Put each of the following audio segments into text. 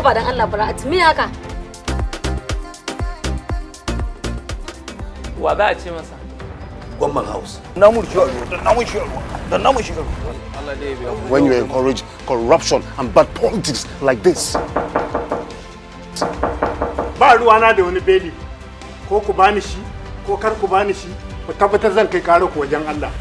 kaba dan Allah a me haka wa za a ce masa Gwamman house na mun shi ruwa na mun shi da na mun shi when you encourage corruption and bad politics like this ba ruwa na da wani beli ko ku bani shi ko kar ku bani shi ku tabbatar zan kai karo ku wajen Allah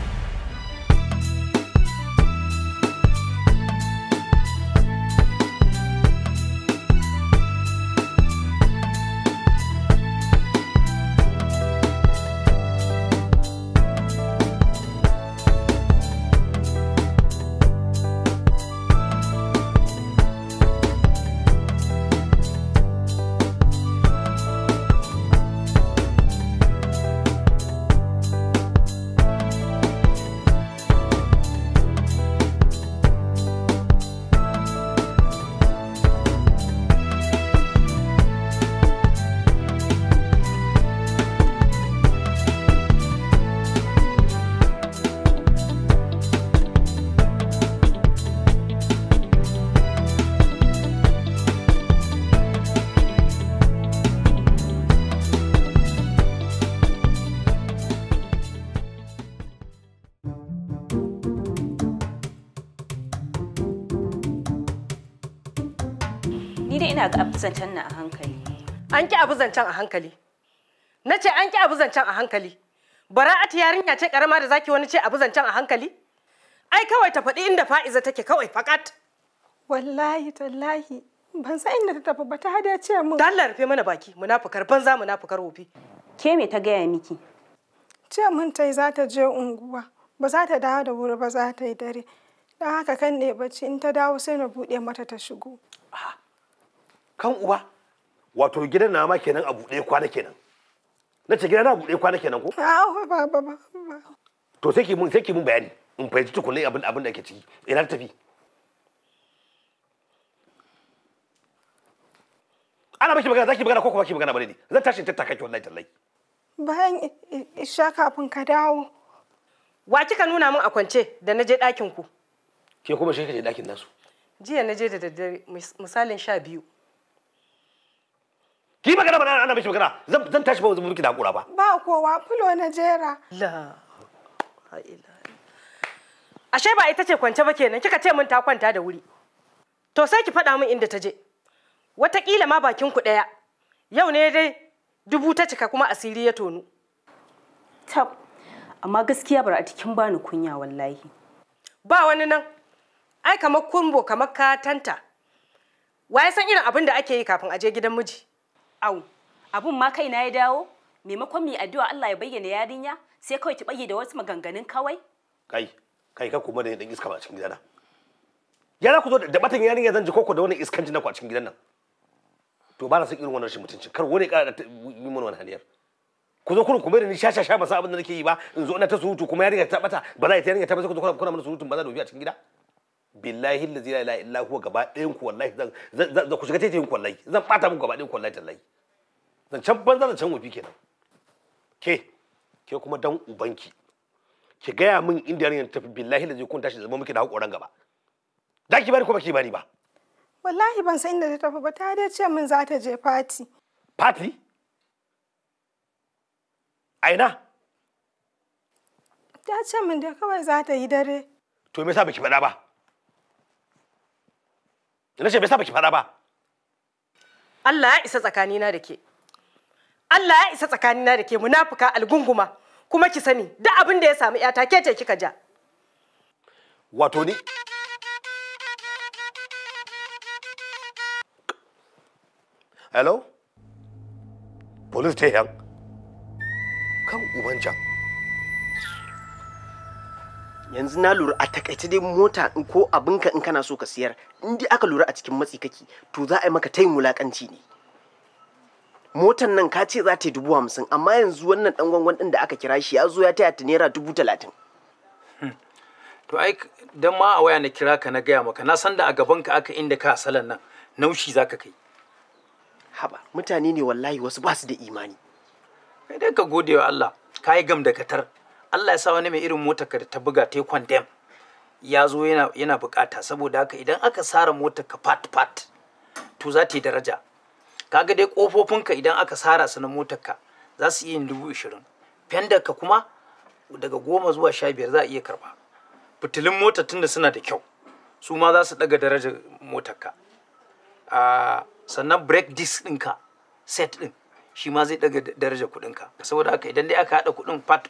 ni dai ina ga abu zancen nan a hankali an ki abu zancen a hankali na ce an ki abu zancen a hankali bara bara'atu yarinya ce karama da zaki wani ce abu zancen a hankali ai kawai ta faɗi inda fa'iza take kawai fakat wallahi tallahi ban san inda ta tafi ba ta hada ce mun dalla rufe mana baki munafukar banza munafukar wofi ke me ta gaya miki ce mun tai za ta je unguwa ba za ta dawo da wuri ba za ta yi dare don haka kan ne bacci in ta dawo sai na buɗe mata ta shigo kan uwa wato gidan na ma kenan a buɗe kwana kenan na ce gidan na buɗe kwana kenan ko to sai ki mun sai ki mun bayani in fahimci tukunai abin abin da ke ciki ina tafi ana baki magana zaki magana ko kuma ki magana bane ne zan tashi tattaka ki wallahi tallahi bayan isha kafin ka dawo wa kika nuna min a kwance da naje dakin ku ke kuma shi kaje dakin nasu jiya naje da daddare misalin sha biyu ki magana ba ana mishi magana zan tashi ba zan da hakura ba ba kowa fulo na jera la ashe ba ita ce kwance ba kenan kika ce mun ta kwanta da wuri to sai ki faɗa min inda ta je watakila ma bakin ku ɗaya yau ne dai dubu ta cika kuma asiri ya tonu tab amma gaskiya bar a cikin bani kunya wallahi ba wani nan ai kamar kumbo kamar katanta waye san irin abin da ake yi kafin a je gidan miji Au, abun ma kaina ya dawo, maimakon mai addu'a Allah ya bayyana yarinya sai kawai ki bayyana wasu maganganun kawai. Kai, kai ka kuma da dan iska ba a cikin gidana. Yana ku zo da batun yarinya zan ji koko da wani iskan na ku a cikin gidan nan. To ba na san irin wannan rashin mutuncin kar wani da yi mana wani haniyar. ku zo kurin ku mai da ni sha sha sha ba sa abin da nake yi ba in zo ina ta surutu kuma yarinya ta bata ba za ta yarinya ta sai ku zo kuna mana surutun ba za da a cikin gida. billahi allazi la ilaha illa huwa gaba ɗayan ku wallahi zan zan ku shiga tete ku wallahi zan bata muku gaba ɗayan ku wallahi tallahi zan can banza zan can wofi kenan ke ke kuma dan ubanki ki gaya min inda ta tafi billahi allazi kun tashi zama muke da hakoran gaba da ki bari ko baki bari ba wallahi ban san inda ta tafi ba ta dai ce min za ta je party fati aina ta ce min da kawai za ta yi dare to me yasa baki faɗa ba na ce bai sa baki fada ba Allah ya isa tsakanina da ke Allah ya isa tsakanina da ke munafuka algunguma kuma ki sani duk abin da ya samu yata ke ce kika ja wato ni hello police ta yan kan uban can yanzu na lura a takaice dai mota in ko abinka in kana so ka siyar in dai aka lura a cikin matsi kake to za a yi maka tayin wulakanci ne motan nan ka ce za ta yi dubu hamsin amma yanzu wannan dan gwangwan din da aka kira shi ya zo ya taya ta naira dubu talatin hmm. to ai dan ma a waya na kira ka na gaya maka na san da a gaban ka aka inda ka salan nan naushi zaka kai haba mutane ne wallahi wasu ba su da imani kai dai ka gode wa Allah ka yi gam da katar Allah ya sa wani mai irin motarka da ta buga ta kwandem ya zo yana, bukata saboda haka idan aka sara motar ka fat fat to za ta yi daraja kaga dai ka idan aka sara su na motar ka za su iya yin dubu ishirin fendar kuma daga goma zuwa sha biyar za a iya karba fitilin motar tunda suna da kyau su ma za su daga darajar motarka. ka ah, sannan brake disc ɗinka set ɗin shi ma zai daga daraja kuɗinka ka saboda haka idan dai aka haɗa kuɗin fat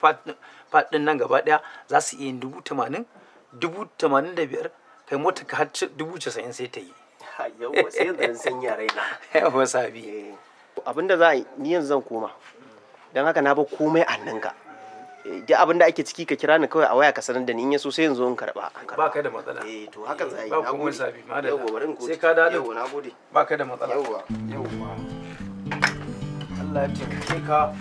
fat din nan gaba ɗaya za su iya yin dubu tamanin dubu tamanin da biyar kai mota ka har dubu casa'in sai ta yi yawa sai yanzu san yare na sabi eh. abinda za a ni yanzu zan koma don haka na ba komai a ninka eh, duk abin da ake ciki ka kira ni kawai a waya ka sanar da ni in yaso sai yanzu in karba ba ka da matsala eh to haka zai yi ba kuma sabi da sai ka dade ba ka da matsala yawa yawa bleibt die Kritiker.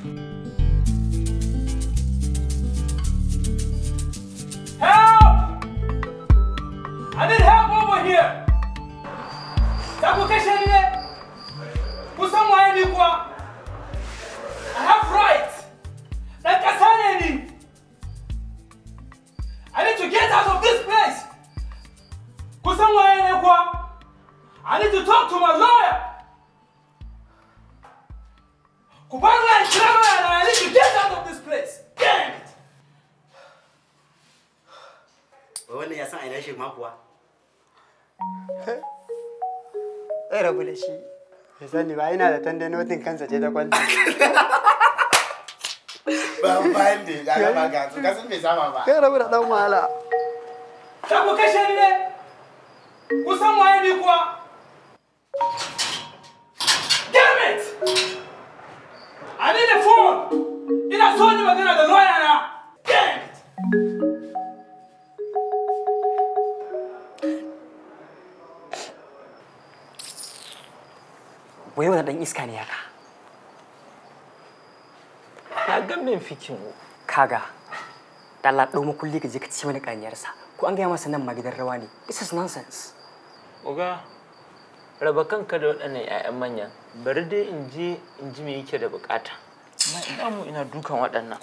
Help! I need help over here! Taku keshe nile! somewhere hini kwa! I have rights! Na kasane eh, hini! I need to get out of this place! Kusamwa hini kwa! I need to talk to my lord! shi ma kuwa rabu da shi ya da notin kansa ce ta kwanta ba da ya gaba da kashe ni ne kusan waye ni kuwa damn it i need a phone ina so ni magana da lawyer wai wani dan iska ne haka ka ga min fikin kaga dala ɗau makulli ka je ka ci wani ƙanyarsa ko an gaya masa nan ma gidan rawa ne this is nonsense oga raba kanka da waɗannan 'ya'yan manyan bari dai in je in ji me yake da bukata ina mu ina dukan waɗannan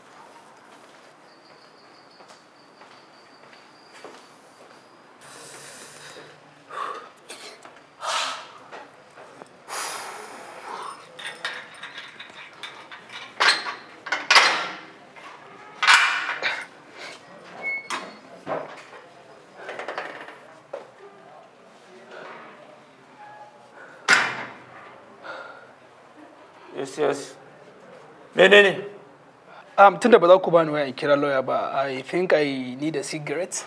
yes yes menene um tunda ba za ku bani waya in kira lawyer ba i think i need a cigarette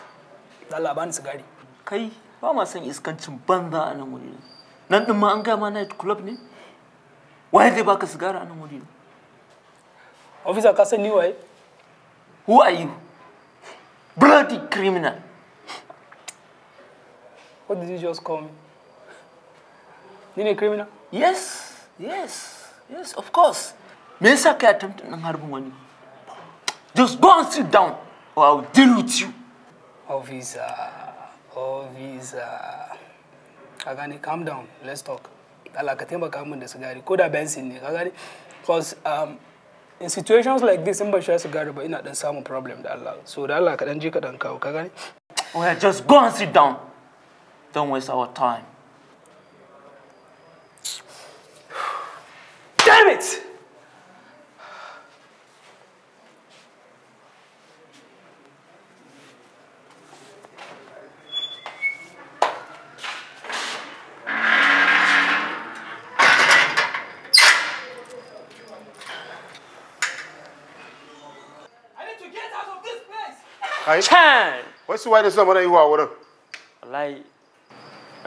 Allah bani sigari kai ba ma son iskancin banza a nan wuri nan din ma an gama night club ne waye zai baka sigara a nan wuri officer ka san ni waye who are you bloody criminal what did you just call me ni ne criminal yes yes Yes, of course. Me yasa kai attempt nan harbin wani? Just go and sit down or I will deal with you. Officer, oh, officer. Oh, ka gane, calm down, let's talk. Allah ka taimaka min da sigari ko da bensin ne ka gane because um, in situations like this in ba sha sigari ba ina dan samun problem da Allah so da Allah ka dan je ka dan kawo ka gane oh yeah just go and sit down don't waste our time Damn it! Kai? Can! Wasu wani suna mana ihuwa wurin? Wallahi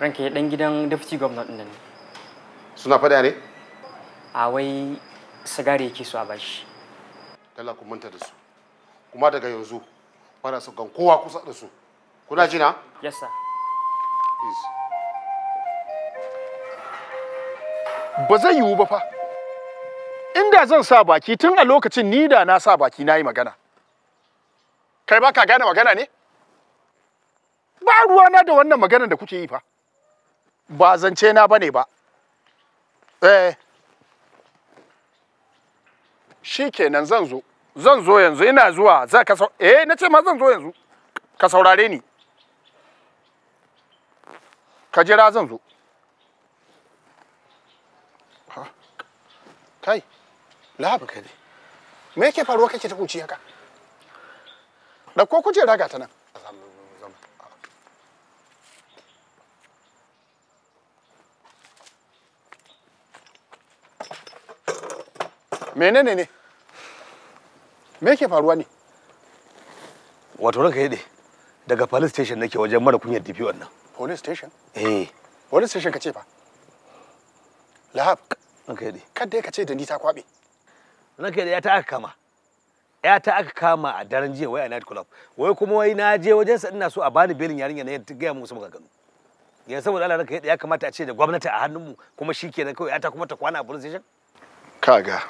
ranka ya dan gidan deputy governor din nan. Suna fada ne? a wai sigari yake su a bashi dala ku manta da su kuma daga yanzu bana su gan kowa kusa da su kuna jina yes sir ba zai yiwu ba fa inda zan sa baki tun a lokacin ni da na sa baki na yi magana kai ba ka gane magana ne ba ruwana da wannan maganar da kuke yi fa ba zance na bane ba eh shi kenan zan zo zan zo yanzu ina zuwa za ka eh na ce ma zan zo yanzu ka saurare ni ka jira zan zo kai labu ka ne me yake faruwa kake ta kuci haka ɗauko kujera ga ta nan menene ne me yake faruwa ne wato ranka yade daga police station nake wajen mara kunyar dp wannan police station eh police station kace fa lahab ranka yade kada ka ce da ni ta kwabe ranka yade ya ta aka kama ya ta aka kama a daren jiya wai a night club wai kuma wai na je wajen sa ina so a bani belin yarinya na yadda gaya musu maganganu ya saboda Allah ranka yade ya kamata a ce da gwamnati a hannunmu kuma shikenan kawai ya ta kuma ta kwana a police station kaga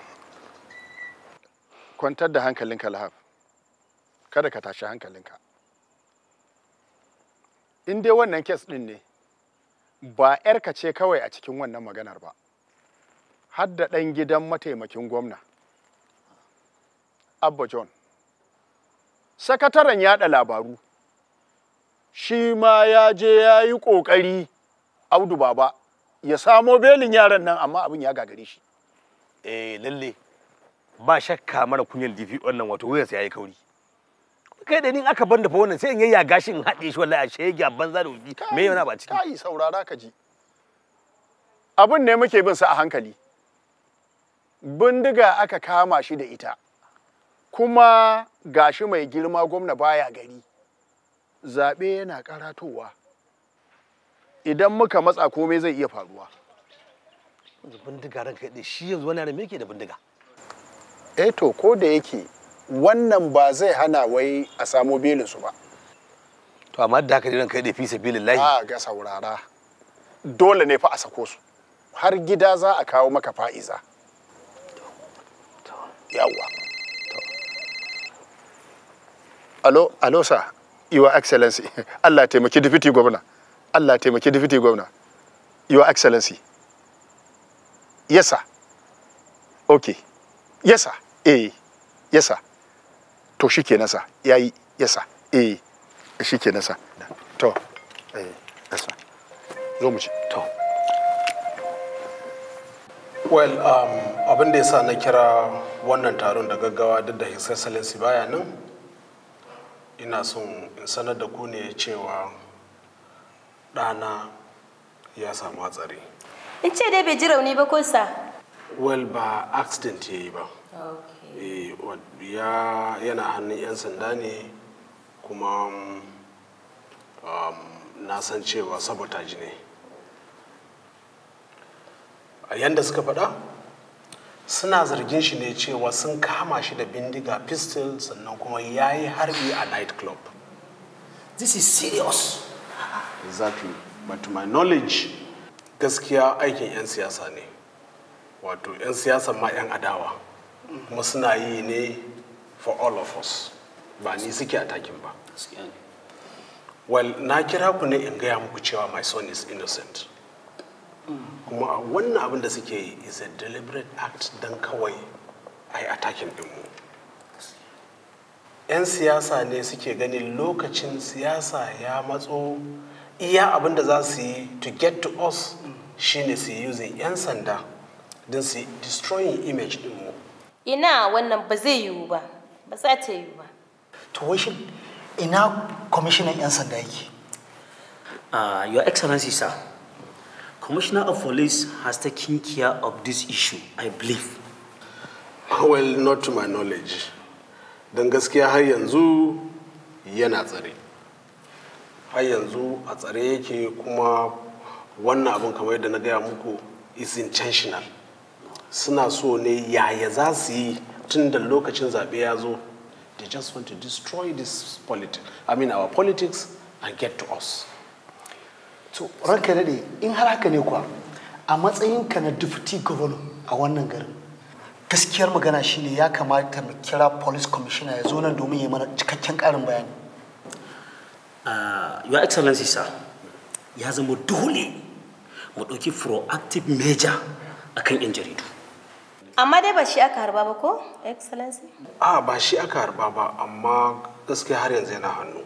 kwantar da hankalinka lahab kada ka tashi hankalinka in dai wannan kes ɗin ne ba yar ka ce kawai a cikin wannan maganar ba har da ɗan gidan mataimakin gwamna abba john sakataren yada labaru shi ma ya je ya yi ƙoƙari audu baba ya samo belin yaran nan amma abin ya gagare shi eh lalle ba shakka mara kunyan DP wannan wato wayar sai yayi kauri kai da ni aka banda fa wannan sai in yayya gashin haɗe shi wallahi a shege za da wuri me yana ba ciki kai saurara ka ji abin ne muke bin sa a hankali bindiga aka kama shi da ita kuma gashi mai girma gwamna baya gari zaɓe yana karatowa idan muka matsa komai zai iya faruwa bindiga ranka shi yanzu wani yaran me yake da bindiga eh to ko da yake wannan ba zai hana wai a samo belinsu ba to amma da ka ne kai da fi sabilillahi a ga saurara dole ne fa a sako su har gida za a kawo maka fa'iza yawwa alo alo sa your excellency Allah taimaki deputy gwamna Allah taimaki deputy gwamna your excellency yes sir okay yes sir eh yasa to shi ke nasa ya yi yasa eh shi ke nasa to eh yasa zo mu ci to well um, abin da ya sa na kira wannan taron da gaggawa duk da his excellency baya nan ina son in sanar da ku ne cewa ɗana ya samu hatsari in ce dai bai ji rauni ba ko sa well ba accident ya yi ba Eh, ya yana hannun 'yan sanda ne kuma um, na san cewa saboda ne a yadda suka faɗa suna zargin shi ne cewa sun kama shi da bindiga pistol sannan kuma ya yi harbi a night club this is serious exactly but my knowledge gaskiya aikin 'yan siyasa ne wato 'yan siyasa ma 'yan adawa kuma suna yi ne for all of us ba ni suke atakin ba well na kira ku ne in gaya muku cewa my son is innocent kuma wannan abin da suke yi is a deliberate act don kawai a yi atakin mu. 'yan siyasa ne suke ganin lokacin siyasa ya matso iya abin da za su yi to get to us shine su using 'yan sanda don su destroying image din mu ina wannan ba zai yiwu ba ba za ta yiwu ba to wai shi ina commissioner 'yan sanda yake ah, your excellency sir commissioner of police has taken care of this issue i believe well not to my knowledge don gaskiya har yanzu yana tsare har yanzu a tsare yake kuma wannan abin kamar yadda na gaya muku is intentional suna so ne yaya za su yi tun da lokacin zaɓe ya zo they just want to destroy this politics i mean our politics and get to us to ranka daɗe in har haka ne kuwa a matsayin ka na deputy governor a wannan garin gaskiyar magana shi ne ya kamata mu kira police commissioner ya zo nan domin ya mana cikakken karin bayani ah, your excellency sir ya zama dole mu ɗauki proactive measure akan yan jaridu amma dai ba shi aka harba ba ko excellency a ba shi aka harba ba amma gaskiya har yanzu yana hannu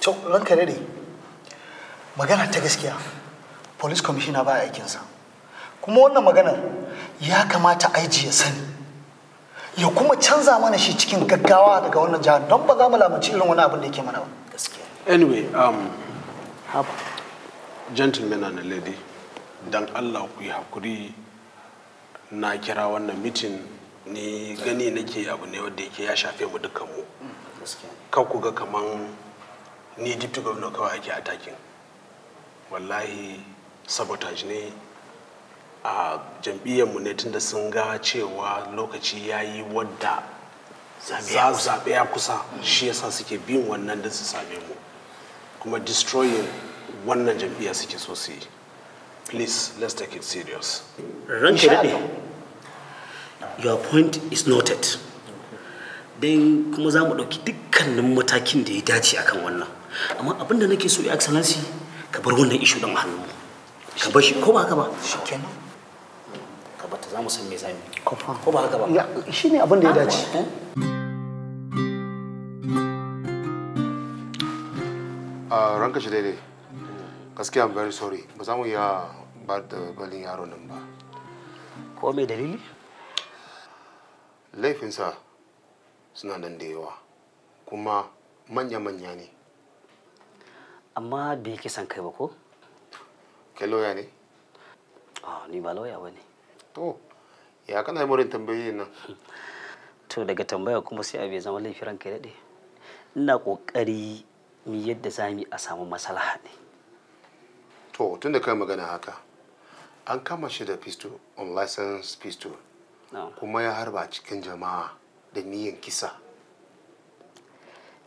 to ranka dare magana ta gaskiya police commissioner ba aikinsa kuma wannan magana ya kamata IG ya sani ya kuma canza mana shi cikin gaggawa daga wannan jihar don ba za mu lamunci irin wani abin da yake mana ba gaskiya anyway um have gentlemen and lady dan Allah ku yi hakuri na kira wannan mitin ni gani nake abu ne wanda yake ya shafe mu dukkan mu kan ga kaman ni deputy governor kawai ake atakin wallahi sabotage ne a jam'iyyar mu ne tunda sun ga cewa lokaci ya yi wadda zaɓe ya kusa shi yasa suke bin wannan da su same mu kuma destroying wannan jam'iyya suke so su yi please let's take it serious ranke daɗe your point is noted don kuma za mu ɗauki dukkanin matakin da ya dace akan wannan amma abin da nake so ya excellency ka bar wannan ishu don hannu ka bar shi ko ba haka ba shikenan ka bata za mu san me zamu ko ba haka ba shi ne abin da ya dace a eh? ah, ranka shi daidai gaskiya i'm very sorry ba za mu iya ba da balin yaron nan ba ko me dalili laifinsa suna nan da yawa kuma manya-manya ne amma bai kisan kai ba ko? kai lauya ne? ah ni ba lauya ba ne to ya kana yi murin tambayi nan to daga tambaya kuma sai abu ya zama laifin ranka daɗe ina ƙoƙari mi yadda za mu a samu masala ne to tun da kai magana haka an kama shi da pistol on license pistol kuma ya harba cikin jama'a da niyan kisa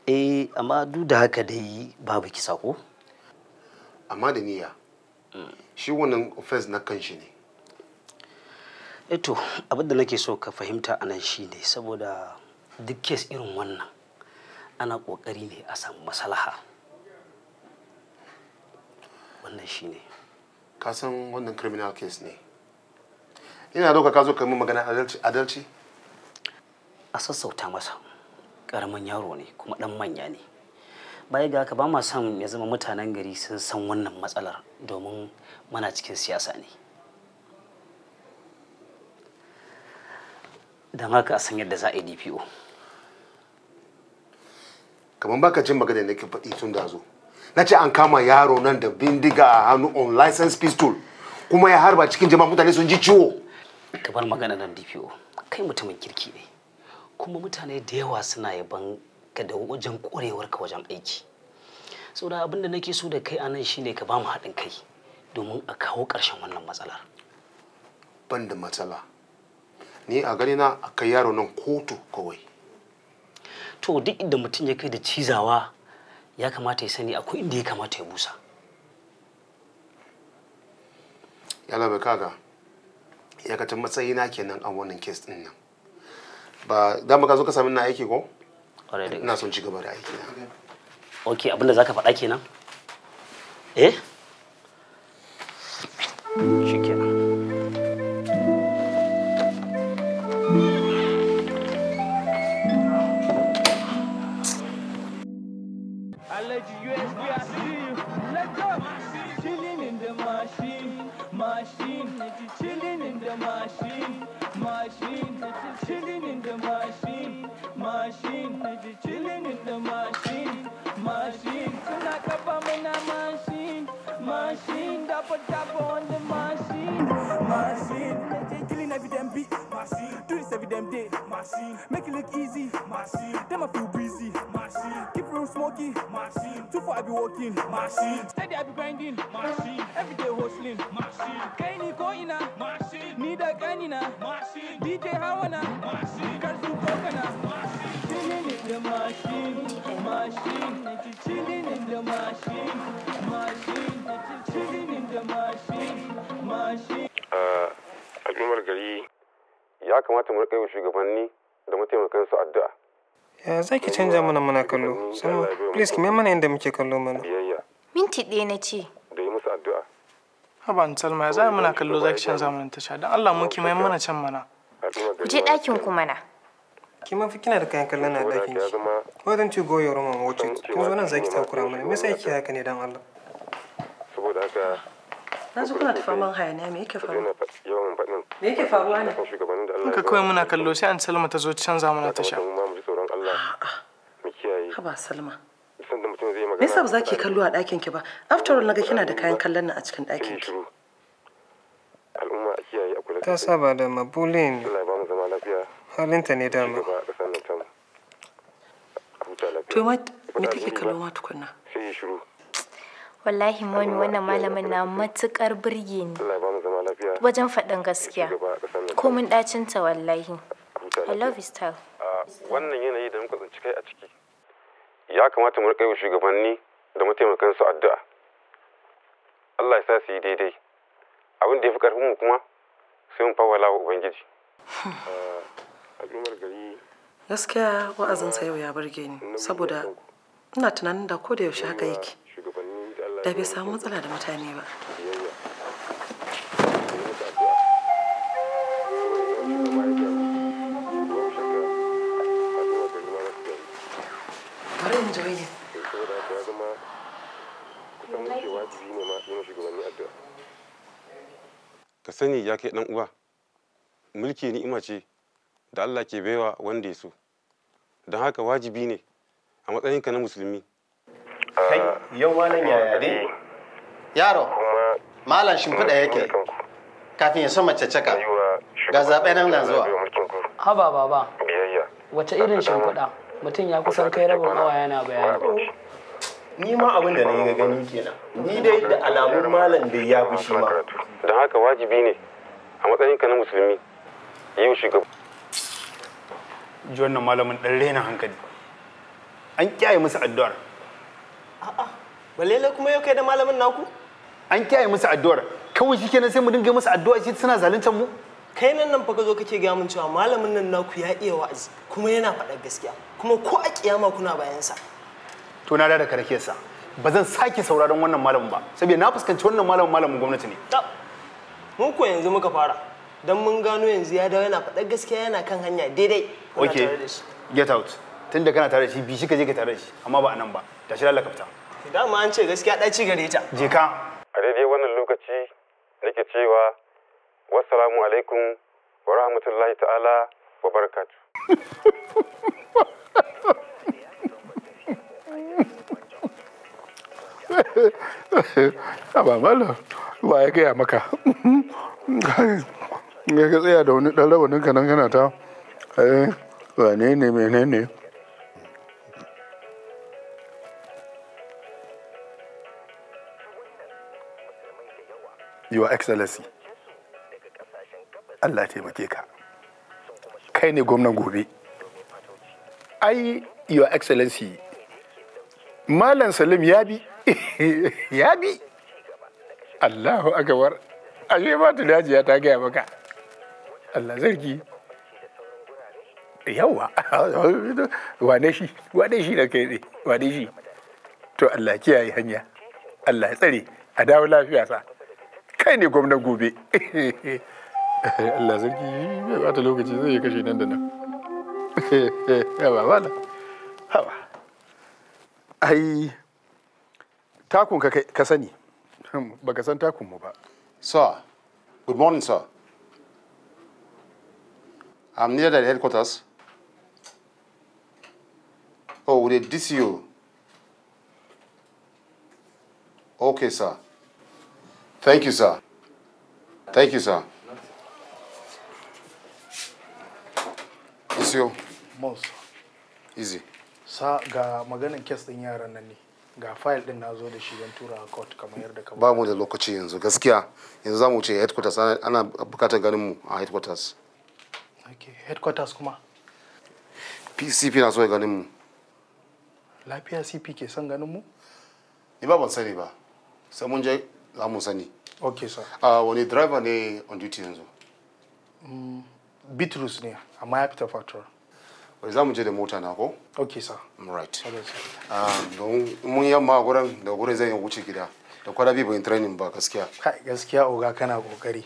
eh amma duk da haka dai babu kisa ko amma da niyya mm. shi wannan offense na kan shi ne eto eh abinda nake so ka fahimta anan shi ne saboda duk kes irin wannan ana ƙoƙari ne a samu maslaha wannan shi ne ka san wannan criminal case ne ina doka ka zo ka min magana adalci a sassauta masa karamin yaro ne kuma dan manya ne baya ga haka ba ma son ya zama mutanen gari sun san wannan matsalar domin mana cikin siyasa ne don haka a san yadda za a yi dpo kamar baka jin magana da ke faɗi tun da zo na ce an kama yaro nan da bindiga a hannu on license pistol kuma ya harba cikin jama'a mutane sun ji ciwo ka bar magana nan DPO kai mutumin kirki ne kuma mutane da yawa suna yaban ka da wajen ƙwarewar ka wajen aiki saboda abin da nake so da kai anan shine ka ba mu haɗin kai domin a kawo ƙarshen wannan matsalar ban da matsala ni a gani na a kai yaro nan kotu kawai to duk inda mutum ya kai da cizawa ya kamata ya sani akwai inda ya kamata ya busa yalla bai kaga matsayi matsayina kenan a wannan kes din nan ba da ka zo ka sami na aiki ko ina son ci gaba da aiki na ok abinda zaka faɗa kenan eh grinding machine steady i be grinding machine every day hustling machine Kenny Koina, machine Need a kanina machine dj hawana machine Can't do coconut, machine chilling in the machine machine chilling in the machine machine chilling in the machine machine Uh, al'ummar gari ya kamata mu riƙa yi shugabanni da mataimakansu addu'a zai ki canza mana muna kallo. Salma, please ki mana yadda muke kallo mana. Minti ɗaya na ce. Da yi musu addu'a. Haba Salma, ya zai muna kallo zai ki canza mana tasha. Don Allah mu ki mayan mana can mana. Ku je ɗakin ku mana. Ki ma fi kina da kayan kallon na ɗakin ki. ko zan ci goyo roma room and watch zo nan za ki takura mana. Me yasa yake haka ne don Allah? Saboda haka na zo kuna tafa man ne me yake faruwa me yake faruwa ne kuka kawai muna kallo sai an salma ta zo canza mana tasha Allah mu kiyaye haba salma san da mutum zai magana me yasa ba ki kallo a ɗakin ki ba after all naga kina da kayan kallon nan a cikin ɗakin ki al'umma a kiyaye a kula ta saba da mabule ne Allah ba mu zama lafiya halinta ne dama to ma me take kallo ma tukunna sai shiru wallahi moni wannan malamin na matukar birge ne wajen faɗin gaskiya komin ɗacinta wallahi i love his style wannan yanayi da muka tsinci kai a ciki ya kamata mu rikai shugabanni da mataimakan su addu'a Allah ya sa su yi daidai abin da ya fi karfin mu kuma sai mu fawa wa ubangiji ah, gaskiya wa'azin gaskiya wa'azinsa yau ya burge ni saboda ina tunanin da ko da yaushe haka yake da bai samu matsala da mutane ba sani ya kai dan uwa mulki ni'ima ce da Allah ke baiwa wanda ya so don haka wajibi ne a matsayinka na musulmi kai yau malam yaya dai yaro malam shimfiɗa yake kafin ya sama caccaka caka ga zaɓe nan na zuwa haba baba wace irin shimfiɗa mutum ya kusan kai rabin awa yana bayani ni ma abin da na yi gani kenan ni dai da alamun malam da ya fi shi ma don haka wajibi ne a matsayinka na musulmi yau shugaba ji wannan malamin ɗan rena hankali an kyaye musu addu'ar a'a balele kuma yau kai da malamin naku an kyaye musu addu'ar kawai shi kenan sai mu dinga musu addu'a shi suna zaluntar mu kai nan nan fa ka zo kake ga mun cewa malamin nan naku ya iya wa'azi kuma yana faɗar gaskiya kuma ko a kiyama kuna bayan sa to na da karakiyarsa ba zan sake sauraron wannan malamin ba saboda na fuskanci wannan malamin malamin gwamnati ne mun yanzu muka fara don mun gano yanzu ya dawo yana faɗa gaskiya yana kan hanya daidai okay get out tun kana tare da shi bi shi ka je ka tare da shi amma ba a nan ba tashi lalaka fita dama an ce gaskiya ɗaci gare ta je ka a daidai wannan lokaci nake cewa wassalamu alaikum wa rahmatullahi ta'ala wa barakatuh ba malo, ba ya gaya maka ya ka tsaya da wani ɗan rawanin kanan kana ta eh, wane ne mene ne your excellency Allah taimake ka kai ne gwamnan gobe ai your excellency malam salim ya bi ya bi Allahu akbar ashe ba ya ta gaya maka Allah zargi yawa wane shi wane shi da kai ne wane shi to Allah kiyaye hanya Allah ya tsare a dawo lafiya sa kai ne gwamnan gobe Allah zargi bai bata lokaci zai yi kashe nan da nan ya ba ba ai takun ka ka sani baka san takun mu ba sir good morning sir i'm near the headquarters oh with the dco okay sir thank you sir thank you sir dco boss easy Sir ga maganin kes din yaran nan ne ga fayil din na zo da shi don tura court kamar yadda kamar ba mu da lokaci yanzu gaskiya yanzu za mu ce headquarters ana bukatar ganin mu a headquarters okay headquarters kuma PCP na so ya ganin mu lafiya CP ke son ganin mu ni ba ban sani ba sai mun je za mu sani okay sir a wani driver ne on duty yanzu mm, Bitrus ne amma ya fita fatura. wani za mu je da mota na ko? ok sir right um, don mun yamma a gurin da gurin zan yi wuce gida da kwada bi bayan training ba gaskiya gaskiya oga kana kokari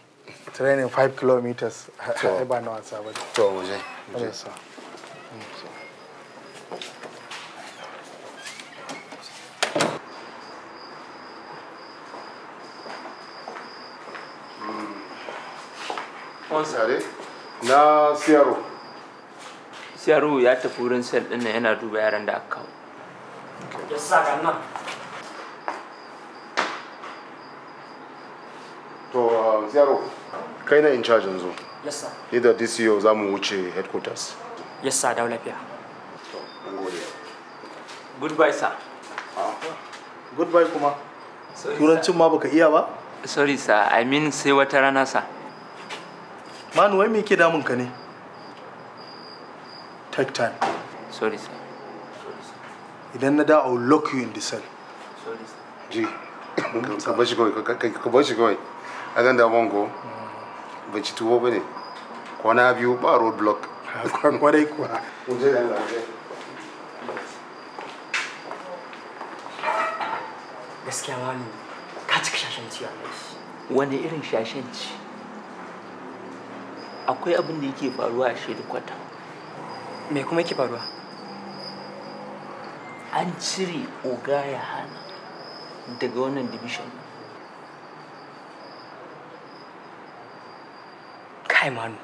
training 5 km ai ba na wasa ba to waje waje sare na siyaro. ruhu ya tafi wurin sel ɗin nan yana duba yaran da aka kawo. Ya sa nan. To CRO uh, kai na in charge yanzu. Yes sir. Ni da DCO za mu wuce headquarters. Yes sir, dawo lafiya. To, mun gode. Goodbye sir. Ah. Goodbye kuma. Turancin ma baka iya ba? Sorry sir, I mean sai wata rana sir. Manu wai me ke damun ka ne? Take time. Sorry, sir. Idan na da, I will lock you in the cell. Sorry, sir. Ji, ka bashi kawai, ka bashi kawai. A gan damuwan ko? Bai ci tuwo ba ne. Kwana biyu ba road block. Kwarai kuwa. Kuje da Gaskiya wani ka cika shashanci a Wani irin ci. Akwai abin da yake faruwa a shaidu kwata. me kuma yake faruwa an cire oga ya hana daga wannan division kai manu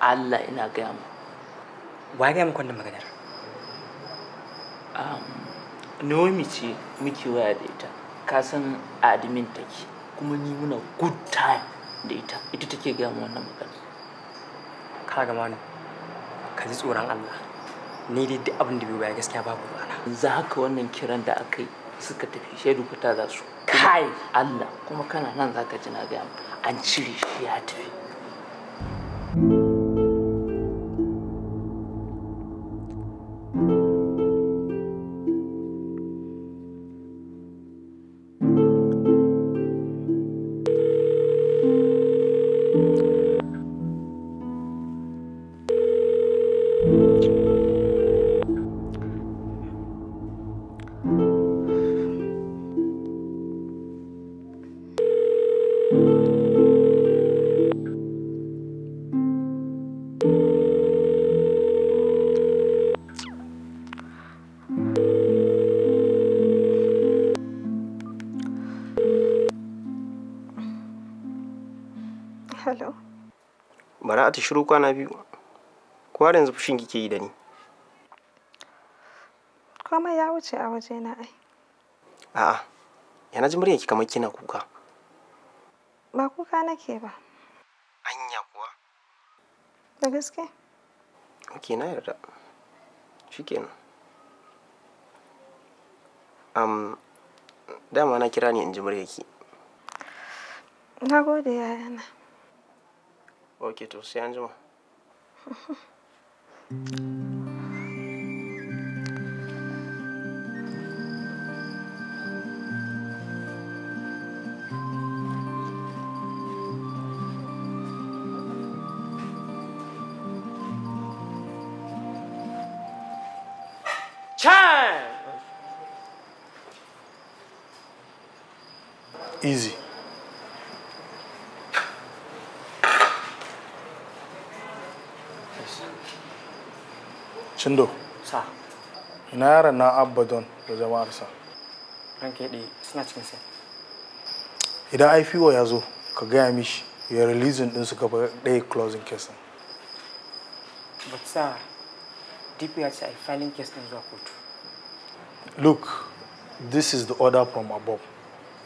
allah ina gaya mu wa gaya muku wannan maganar naomi ce muke waya da ita ka san admin take kuma ni muna good time da ita ita take gaya mu wannan maganar ka ga manu ka ji tsoron Allah ni dai duk abin da bai baya gaskiya babu rana za haka wannan kiran da aka yi suka tafi shaidu fita za su kai Allah kuma kana nan zaka ji na ga an cire shi ya tafi ta shiru kwana biyu ko har yanzu fushin kike yi da ni komai ya wuce a waje na ai a'a yana ji ki kamar kina kuka ba kuka nake ba anya kuwa da gaske ok na yarda shikenan um, dama na kira ne in ji ki na gode yayana ok to sai an jima Easy. Shindo. Sa. Ina yaran na Abadon da jama'arsa. Ranka ya suna cikin sai. Idan IPO ya zo, ka gaya mishi ya releasing ɗinsu gaba ɗaya closing case But sa, DP ya ce a filing case ɗin zuwa kotu. Look, this is the order from above.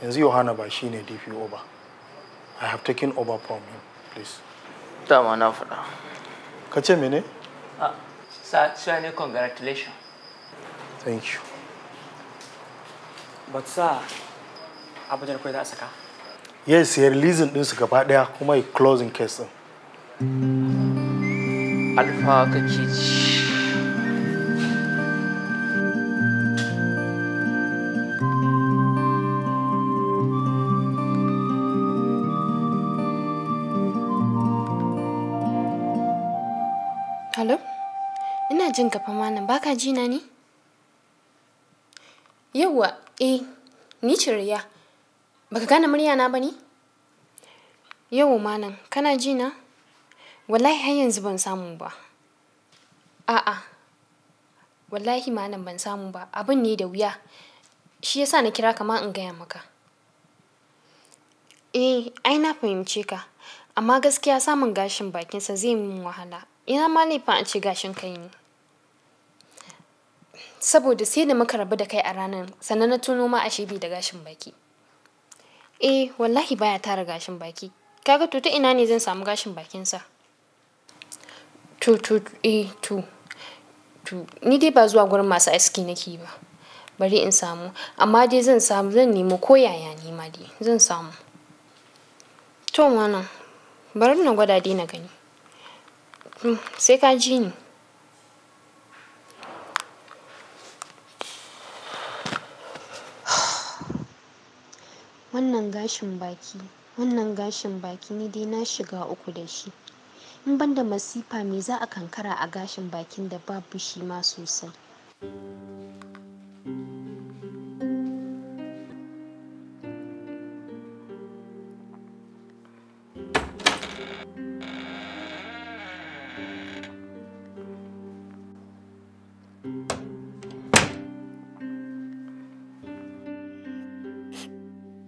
Yanzu Yohana ba shi ne DPO ba. I have taken over from him, please. Dama na faɗa. Ka ce mene? Ah. Sir, Swani, congratulations. Thank you. But sir, Abuja kawai za a Yes, he released ɗinsu gaba ɗaya kuma ya closing case ɗin. Alfa kake ci. Hello? Ina jin ka malam, ba ji na ne? Yawwa, eh, ni ciriya baka Ba ka gane ba ne? Yawa malam, kana ji na? Wallahi har yanzu ban samu ba. A'a, wallahi malam ban samu ba, abin ne da wuya. Shi yasa na kira kama in gaya maka. Eh, ai na fahimce ka, amma gaskiya samun gashin bakinsa zai min wahala. Ina ma ne fa a ce gashin kai ne. saboda sai da muka rabu da kai a ranar sannan na tuno ma ashe bai da gashin baki eh wallahi baya tara gashin baki kaga to ta ina ne zan samu gashin bakinsa to eh to to ni dai ba zuwa gurin masu aski nake ba bari in samu amma dai zan samu zan nemo ko yaya ne ma dai zan samu to mana bari na gwada dai na gani hmm, sai ka ji ni Wannan gashin baki, wannan gashin baki ni dai na shiga uku da shi. In banda masifa me za a kankara a gashin bakin da babu shi ma sosai.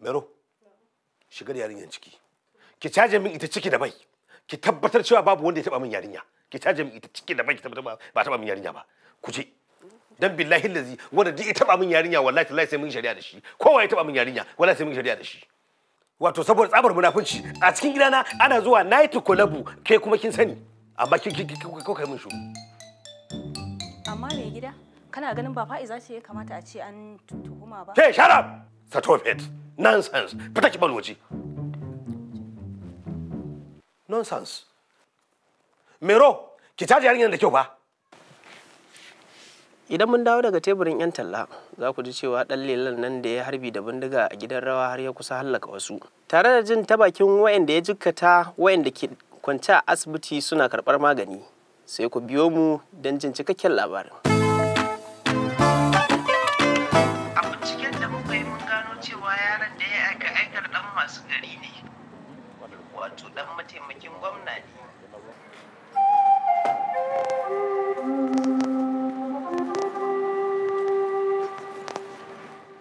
mero shiga da yarinyar ciki ki caje min ita ciki da mai ki tabbatar cewa babu wanda ya taba min yarinya ki caje min ita ciki da mai ki tabbatar ba taba min yarinya ba ku je dan billahi lazi wanda duk ya taba min yarinya wallahi tallahi sai mun shari'a da shi kowa ya taba min yarinya wallahi sai mun shari'a da shi wato saboda tsabar munafunci a cikin gidana ana zuwa night kulabu kai kuma kin sani amma kin kai min shu. amma me gida kana ganin ba fa'iza ce ya kamata a ce an tuhuma ba hey shut up it! nonsense fita ki balwaci! nonsense mero ki caji yarinyar da kyau ba idan mun dawo daga teburin 'yan talla za ku ji cewa ɗan lelan nan da ya harbi da bindiga a gidan rawa har ya kusa hallaka wasu tare da jin ta bakin wayanda ya jikkata wayanda ke kwance a asibiti suna karɓar magani sai ku biyo mu don jin cikakken labarin masu gari ne wato dan mataimakin gwamna ne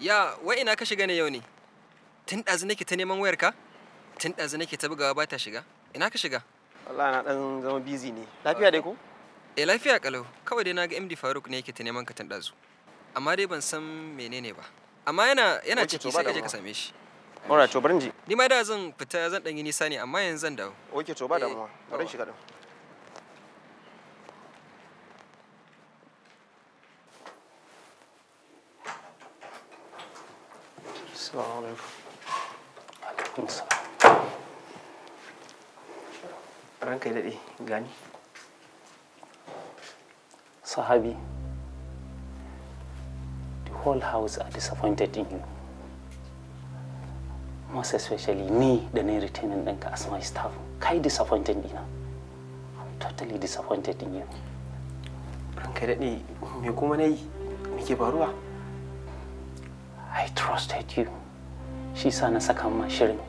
ya wai ina ka shiga ne yau ne tun ɗazu nake ta neman wayarka tun ɗazu nake ta bugawa ba ta shiga ina ka shiga Allah na dan zama busy ne lafiya dai ko eh lafiya kalau kawai dai na ga MD Faruk ne yake ta neman ka tun ɗazu amma dai ban san menene ba amma yana yana ciki sai ka same shi Ora to barin ji. Ni mai da zan fita zan dan yi nisa ne amma yanzu zan dawo. Oke to ba damuwa. Eh, Bari shiga dan. Assalamu alaikum. Ranka ya daɗe gani. Sahabi, the whole house are disappointed in you. most especially ni da na retaining ɗinka as my staff kai disappointed dina I'm totally disappointed in you ranka daɗe me kuma na yi me ke faruwa I trusted you shi sa na saka ma shirin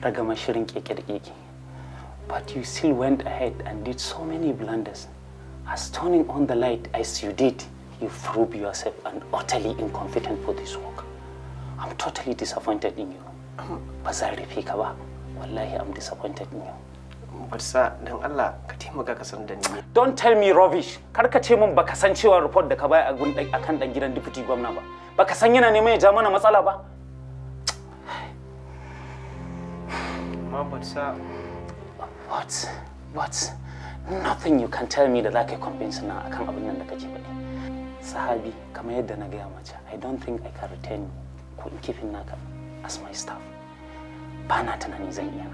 ragama shirin keke da keke but you still went ahead and did so many blunders as turning on the light as you did you prove yourself an utterly incompetent for this work I'm totally disappointed in you ba zan rufe ka ba wallahi am disappointed in you don Allah ka taimaka ka san da ni don't tell me rubbish kar ka ce min baka san cewa report da ka bai a gun akan dan gidan deputy gwamna ba baka san yana neman ya ja mana matsala ba amma barsa what what nothing you can tell me that like a convince na akan abin nan da kake faɗi sahabi kamar yadda na gaya mace i don't think i can retain you ko in kifin naka as my staff Bernard na tunani zan iya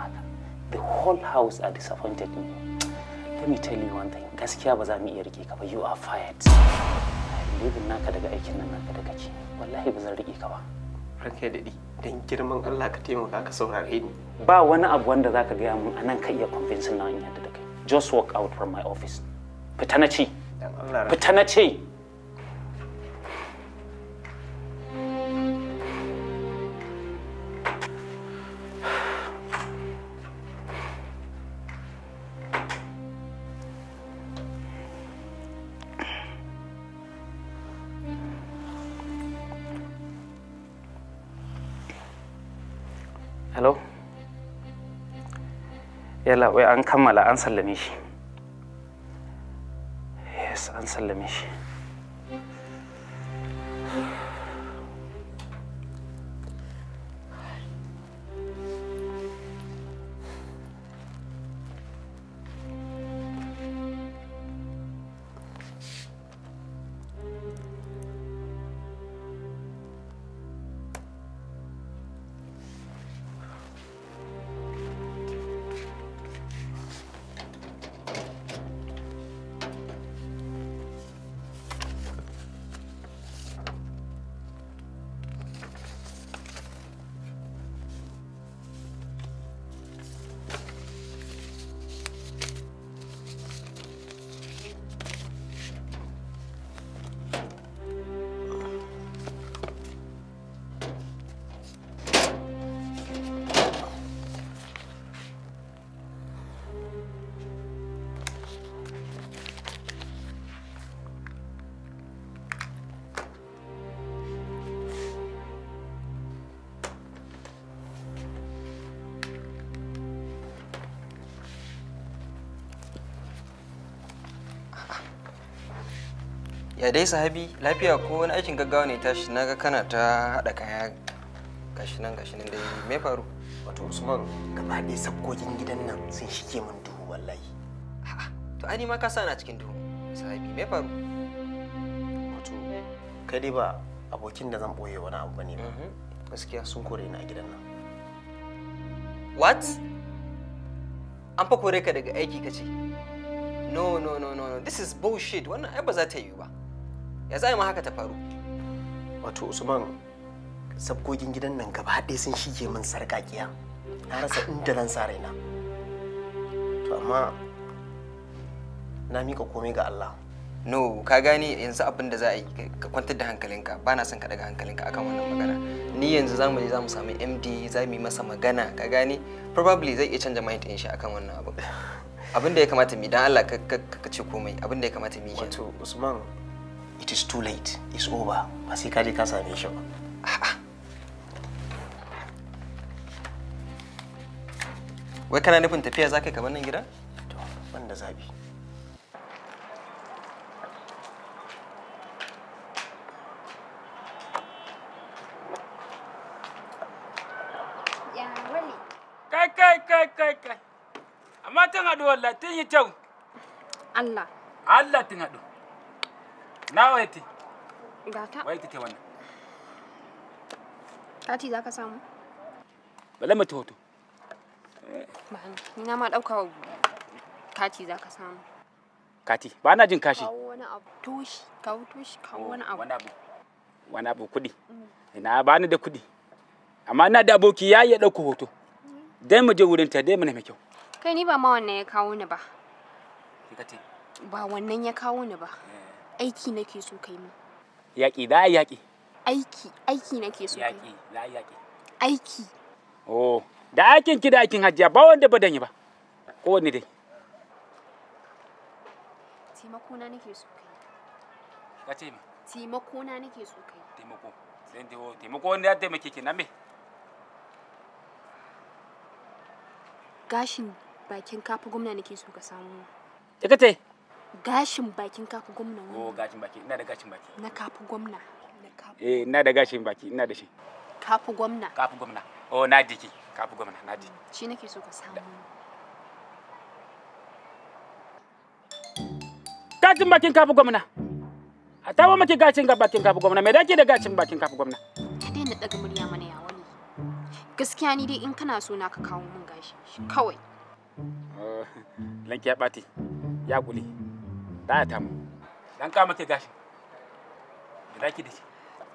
the whole house are disappointed in you. let me tell you one thing gaskiya ba za mu iya rike ka ba you are fired libin naka daga aikin nan naka da kake wallahi ba zan rike ka ba ranka daɗi don girman Allah ka taimaka ka saurare ni ba wani abu wanda za ka gaya mun anan ka iya convincing na in yadda da kai just walk out from my office fita na ce fita na ce yalla an kammala an sallame shi yes an sallame shi ya dai sahabi lafiya ko wani aikin gaggawa ne tashi na ga kana ta haɗa kaya gashi nan gashi nan dai me faru wato usman gaba ɗaya sabgogin gidan nan sun shige min duhu wallahi to ani ma ka sa na cikin duhu sahabi me faru wato kai dai ba abokin da zan ɓoye wani abu bane ba mhm. gaskiya sun kore ni a gidan nan what an fa kore ka daga aiki kace no no no no this is bullshit wannan ai ba za ta yi ba ya za ma haka ta faru wato usman sabgogin gidan nan gaba ɗaya sun shige min sarƙaƙiya na rasa inda nan sa raina to amma na mika komai ga Allah no ka gane yanzu abin da za a yi ka kwantar da hankalinka ba na son ka daga hankalinka akan wannan magana ni yanzu zamu je zamu samu MD za mu yi masa magana ka gane probably zai iya canja mind din shi akan wannan abu abin da ya kamata mu dan Allah ka ce komai abin da ya kamata mu yi wato Usman it is too late it's over ba sai ka je ka same shi ba wai kana nufin tafiya za ka yi kamar nan gida? to wanda zabi kai kai kai kai kai amma tun haɗu wallah tun yi kyau Allah Allah tun haɗu Nawa yake? Ga ta. Wai kike wannan? Kati za ka samu? Bala mata hoto. Ni na ma ɗauka kati za ka samu. Kati, ba na jin kashi. Kawo wani abu, toshi, kawo toshi, kawo wani abu. Wani abu, wani abu kuɗi. Ina ba ni da kuɗi. Amma na da aboki ya iya ɗauka hoto. Dai mu je wurin ta dai mu mai kyau. Kai ni ba ma wannan ya kawo ni ba. Ba wannan ya kawo ni ba. Eh. aiki nake so kai mu yaƙi da yaƙi aiki aiki nake so kai. yaƙi da yaƙi aiki oh da aikin ki da aikin hajjiya ba wanda ba danyi ba ko wanne dai taimako na nake so kai ka ce me taimako na nake so kai taimako dan dai oh, taimako wanda ya taimake ki nan me gashin bakin kafa gwamna nake so ka samu. Ika ce, gashin bakin kafa gwamna wani? oh gashin baki ina da gashin baki na kafa gwamna eh ina da gashin baki ina da shi Kafa gwamna Kafa gwamna oh na jiki Kafa gwamna na jiki shi nake so ka samu gashin bakin kafa gwamna a tawo maki gashin bakin kafa gwamna me dake da gashin bakin kafa gwamna ka daina daga murya mana ya wani gaskiya ni dai in kana so na ka kawo min shi kawai oh, lanki ya bati ya gule za ta mu dan ka mata gashi da zaki da shi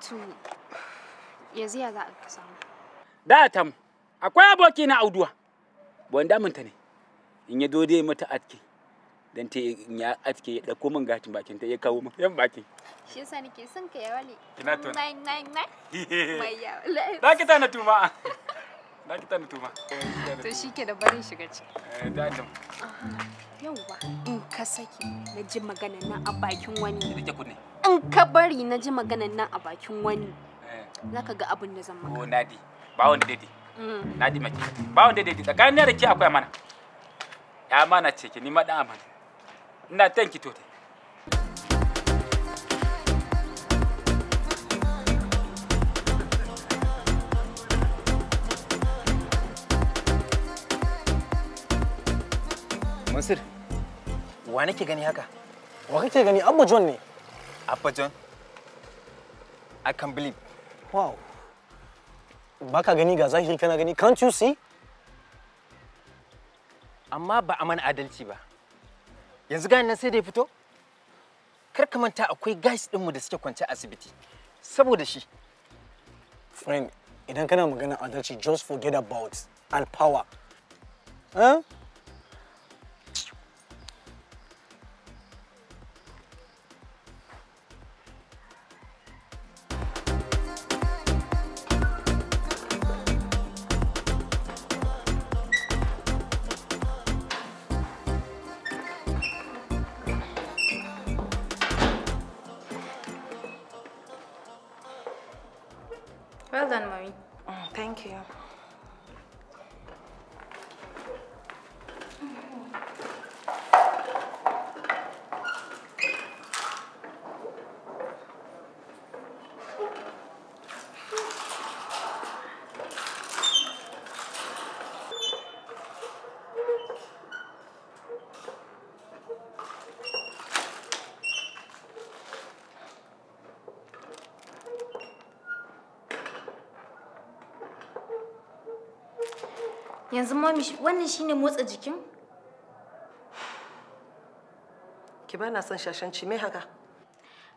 to yanzu ya za a da ta akwai aboki na auduwa ban ne in dode mata dan ya atke ya dauko min gatin bakin kawo min yan bakin shi yasa son ka ya wale kina to nai nai nai mai ya tuma Na ki tana tuma. To shi ke da barin shiga ciki. Eh da Adam. Yauwa in ka saki na ji maganan nan a bakin wani. In ka bari na ji maganan nan a bakin wani. Eh. Za ka ga abin da zan maka. Oh Nadi, ba wanda daidai. Mm. Nadi maki. Ba wanda daidai tsakanin da ke akwai amana. Ya amana ce ki ni ma dan amana. Ina tanki to dai. Nasir, wa nake gani haka? Wa kake gani Abba John ne? Abba John? I can't believe. Wow. Baka gani ga zahiri kana gani, can't you see? Amma ba a mana adalci ba. Yanzu gani nan sai da ya fito? Kar ka manta akwai guys ɗinmu da suke kwance asibiti. Saboda shi. Friend, idan kana magana adalci, just forget about and power. Huh? Yanzu mami wannan shine motsa jikin? Ki bana son shashanci me haka?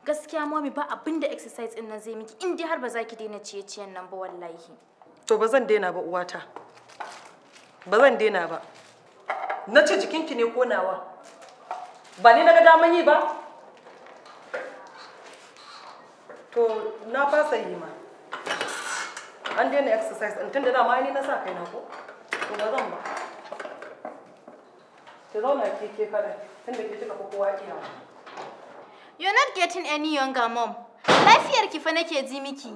Gaskiya mami ba abin da exercise din nan zai miki in dai har ba za ki daina ciye-ciyen nan ba wallahi. To ba zan daina ba uwata. Ba zan daina ba. Na ce jikinki ne konawa. Ba ni na ga daman yi ba? To na fasa yi ma. An daina exercise ɗin tun da dama ni na sa kaina ko? Kunga zan ba. Ki zauna ke ke kaɗai, tunda ke kika kowa iya. You're not getting any younger, mom. Lafiyar ki fa nake ji miki.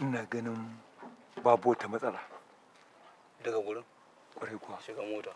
ina ganin babu wata matsala daga gurin kwarai kuwa shiga mota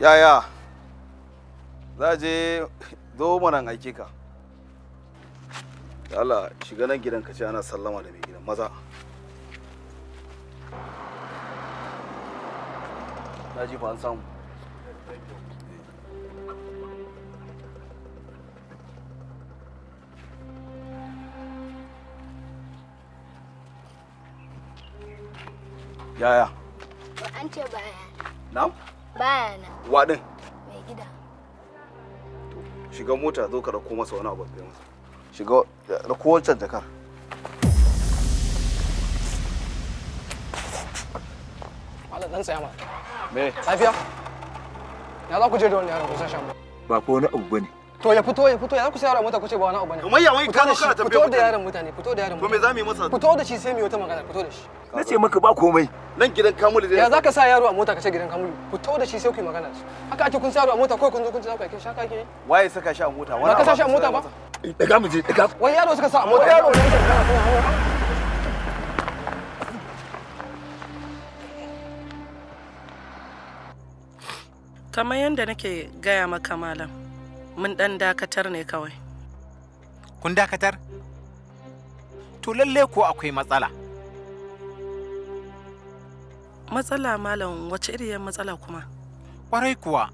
yaya za je zo manan aike ka Allah shiga nan gidan ka ce ana sallama da mai gidan maza na ji fa an samu yaya wa din mai gida to shiga mota zo ka rako masa wani abu kai masa shiga rako wancan jakar Allah dan tsaya ma me lafiya ya za ku je da wani yaron kusan shan ba ko wani abu bane to ya fito ya fito ya za ku sayar mota ku ce ba wani abu bane kamar ya wai kana kana tafiya fito da yaron mutane fito da yaron to me za mu yi masa fito da shi sai mu yi wata magana fito da shi na ce maka ba komai nan gidan kamulu zai ya zaka sa yaro a mota ka ce gidan kamulu ku tau da shi sai ku yi magana shi haka ake kun sa yaro a mota kawai kun zo kun za ku aikin shaka ke waye saka shi a mota wani ka sa shi a mota ba eh, daga mu je daga wai yaro suka sa a mota yaro kamar yadda nake gaya maka malam mun dan dakatar ne kawai kun dakatar to lalle ko akwai matsala matsala malam wace iriyar matsala kuma kwarai kuwa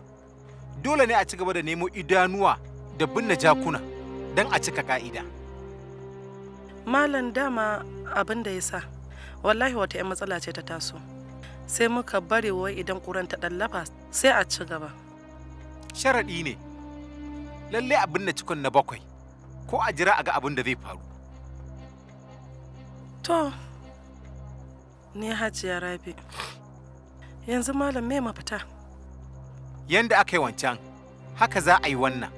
dole ne a ci gaba da nemo idanuwa da binne jakuna don a cika ka'ida malam dama abin da ya sa wallahi wata 'yan matsala ce ta taso sai muka bari wai idan kuran ta ɗallafa sai a ci gaba sharaɗi ne lallai abin da cikon na bakwai ko a jira a ga abin da zai faru to ne hajiya rabi yanzu malam me mafita yanda aka yi wancan haka za a yi wannan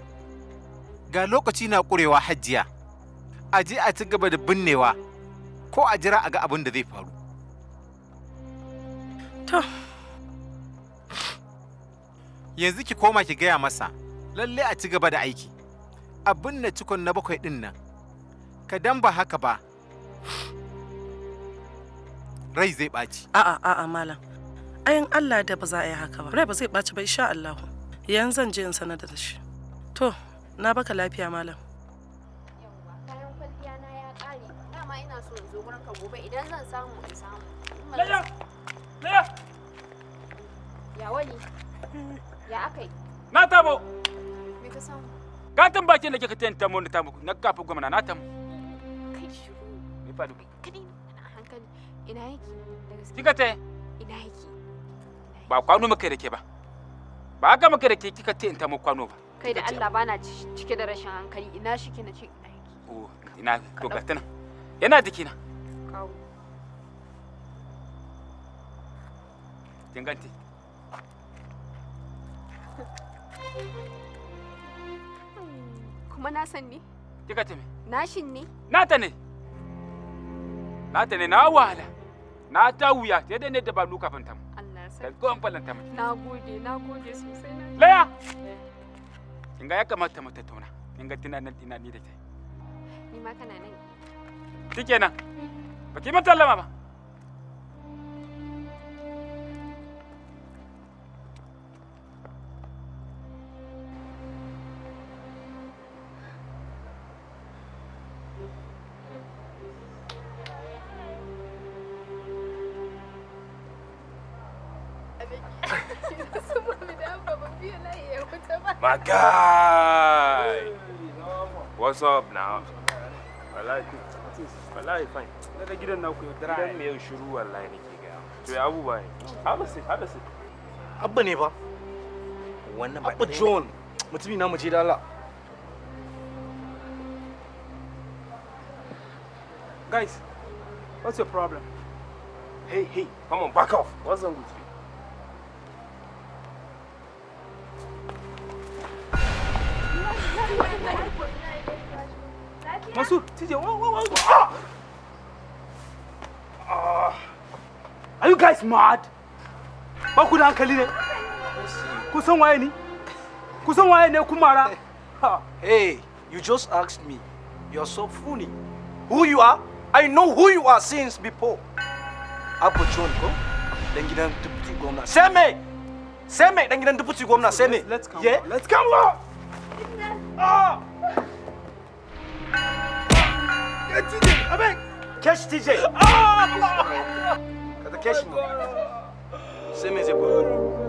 ga lokaci na kurewa hajiya a je a ci gaba da binnewa ko a jira a ga abin da zai faru to yanzu ki koma ki gaya masa lalle a ci gaba da aiki abin na cikon na bakwai ɗin nan ka damba ba haka ba rai zai ɓaci a'a a'a malam ayin Allah da ba za a yi haka ba rai ba zai ɓaci ba insha Allah yanzu zan je in sanar da shi to na baka lafiya malam kayan kwalliya gobe idan zan samu in samu. Laya! Laya! Ya wani? Ya aka yi? Na tabo! Me ka samu? Gatan bakin da kika tayanta mun na tabo na kafa gwamna na tamo. Kai shiru. Me fa dubi? Kadi Ina yake? Kika ce? Ina yake? Ba kwano muka da ke ba. Ba haka muka da ke kika ce in ta mu kwano ba. Kai da Allah bana cike da rashin hankali ina shi ke na ce ina yake. Oh, ina to ga tana. Yana jikina. Kawo. Kin Kuma na san ne? Kika ce me? Nashin ne? Nata ne. Nata ne na wahala. na ta wuya sai dai ne da ba kafin ta Allah ya sai ko an falanta mu na gode na gode sosai na laya eh. kin ga ya kamata mu tattauna kin ga tunanin ina da kai ni ma kana nan tallama ba My guy! What's up now? Wallahi, wallahi fine. Daga gidan na ku gidan me To abubuwa ne. ne ba. ba. John, Allah. Guys, what's your problem? Hey, hey, come on, back off. What's wrong with you? Masu, TJ, whoa, whoa, ah. are you guys mad? Ba ku da hankali ne? Ku san waye ni? Ku san waye kumara? Hey, you just asked me. You're so funny. Who you are? I know who you are since before. Abu John, ko? Dan gidan deputy seme seme me? Sai me dan gidan deputy me? Let's come. Yeah, let's come. Ah! TJ. I'm back. Catch TJ. Oh! Catch him. Same as a boy.